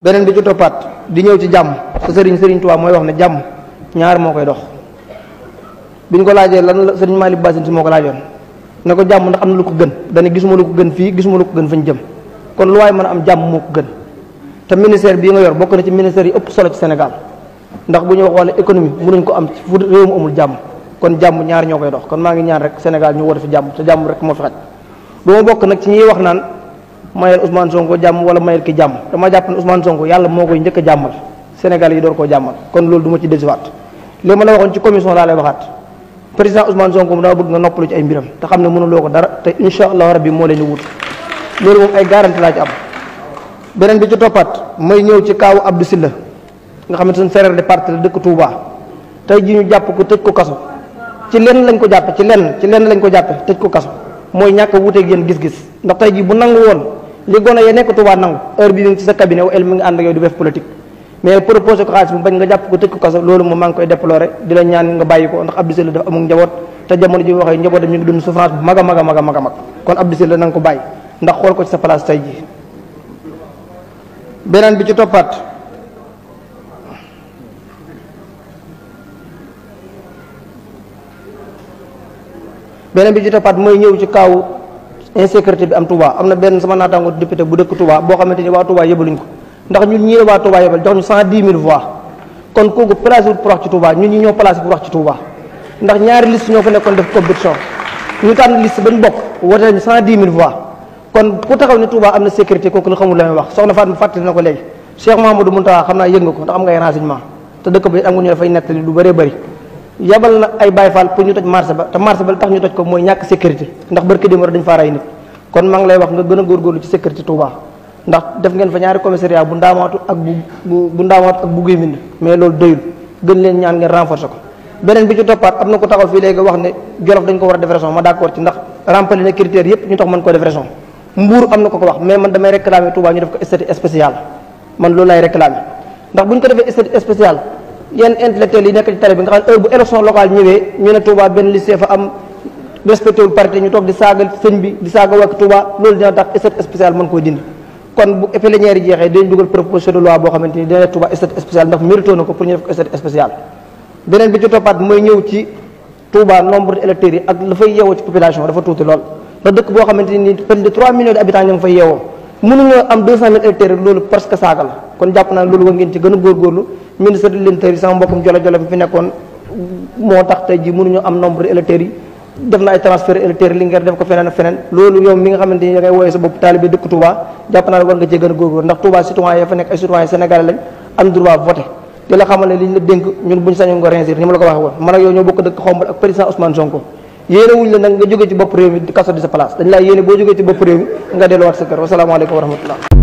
benen bi ci topat di ñew ci jam sa serigne serigne Tuubaa moy wax ne jam ñaar mo koy dox biñ ko laaje lan la sëriñ Malick Basin si moo ko laajoon ne ko jam ndax am na lu ko gën dañu gisuma lu ko gën fi gisuma lu ko gën fañ jëm kon lu way mëna am jam mo ko gën te ministère bi nga yor bokk na ci ministère yi ëpp solo ci Sénégal ndax buñu wax wala économie mënuñ ko am ci fu réew mu amul jam kon jam ñaar ñoo dox kon ma ngi ñaan rek Sénégal ñu woote fi jam te jam rek mo fi xaj bu mo bokk nak ci ñi wax naan mayal Ousmane Sonko jàmm wala mayal ki jàmm dama jàpp ne Ousmane Sonko yàlla moo koy njëkk jàmmal Sénégal yi door koo jàmmal kon loolu du ma ci désiwaat li ma la waxoon ci commission laa lay waxaat président Ousmane Sonko mu dama bëgg nga ci ay mbiram te xam ne mënuloo ko dara te incha allah rabbi moo leen di wut ay garanti laa am beneen bi ci toppaat may ñëw ci kaawu Abdou Silla nga xam ne suñu de parti la dëkk Touba tey ji ñu jàpp ko tëj ko kaso ci lenn lañ ko jàppe ci lenn ci lenn lañ ko jàppe tëj ko kaso mooy ñàkk wuuteeg yéen gis-gis ndax tey ji bu nangu woon li gone ya nekk wa nang heure bi ñu ci sa cabinet wu el mi ngi ànd ak yow di def politique mais proposé ko xaalis mu bañ nga japp ko tëj ko kaso lolu moom mang koy déplorer dila ñaan nga bayiko ko ndax Abdou sel da amuk njabot te jamono ji waxee njaboot ñu dund souffrance bu maga maga maga maga mag kon Abdou sel nang ko bàyyi ndax xol ko ci sa place tay ji benen bi ci topat benen bi ci topat moy ñew ci kaw insécurité bi am Touba am na benn sama naataango député bu dëkk Touba boo xamante ni waa Touba yebaluñ ko ndax ñun ñii la waa Touba yebal jox ñu cent dix mille voix kon kooku placé wut ndax ñaari liste ñoo fa nekkoon def compétition ñu tànn liste bañ bokk wote nañu cent dix mille voix kon ku taxaw ne Touba am na sécurité kooku la xamul la may wax soxna Fatou fàttali na ko léegi Cheikh Mahamadou Mountakha xam naa yëg nga ko ndax am ngay renseignement te dëkk bi am nga ñu dafay nettali lu bëree bëri yabal na ay Baye Fall pour ñu toj marché ba te marché ba tax ñu toj ko moy ñak sécurité ndax di démb dañ fa ray nit kon mang ngi lay wax nga gën gor góorgóorlu ci sécurité Touba ndax def ngeen fa ñaari commissariat bu ndamatu ak bu bu ndaamaatu ak bu guy mind mais lool doyul gën leen ñaan ngeen renforcer ko benen bi ci topat amna ko taxaw fi légui wax ne jolof dañ ko wara def raison ma d'accord ci ndax remplir na critères yépp ñu tax man ko def raison mbuur amna ko ko wax mais man damay réclamer Touba ñu def ko statut spécial man lool lay réclamer ndax buñ ko defee statut spécial yenn intellectuels yi nekk ci télé bi nga xam ne heure bu élection locale ñëwee ñu ne Touba benn lycée fa am respecté wul ñu toog di saagal sëñ bi di saaga wàkk Touba loolu dina tax statut spécial mën koo dindi kon bu plénière yi jeexee dañ beneen bi ci toppaat mooy ñëw ci Touba nombre d'électeurs yi ak la yeewoo ci population dafa tuuti lool ndax dëkk boo xamante ni près de 3 millions d'habitants ñoo ngi fay yeewoo mënuñoo am 200 ministre de l'intérieur sama mbokkum jolo jolo bi fi nekkoon moo tax tey ji mënuñu am nombre électeurs yi def na ay transfert électeurs li ngeen def ko feneen feneen loolu yow mi nga xamante ni da ngay sa bopp taalibe dëkk Touba jàpp war nga cee gën a góorgóor ndax Touba ya fa nekk ay citoyen sénégalais lañ am droit voté di la xamal ne liñ la dénk ñun buñ sañu nga réussir ni ma la ko waxee woon man ak yow ñoo boo jógee ci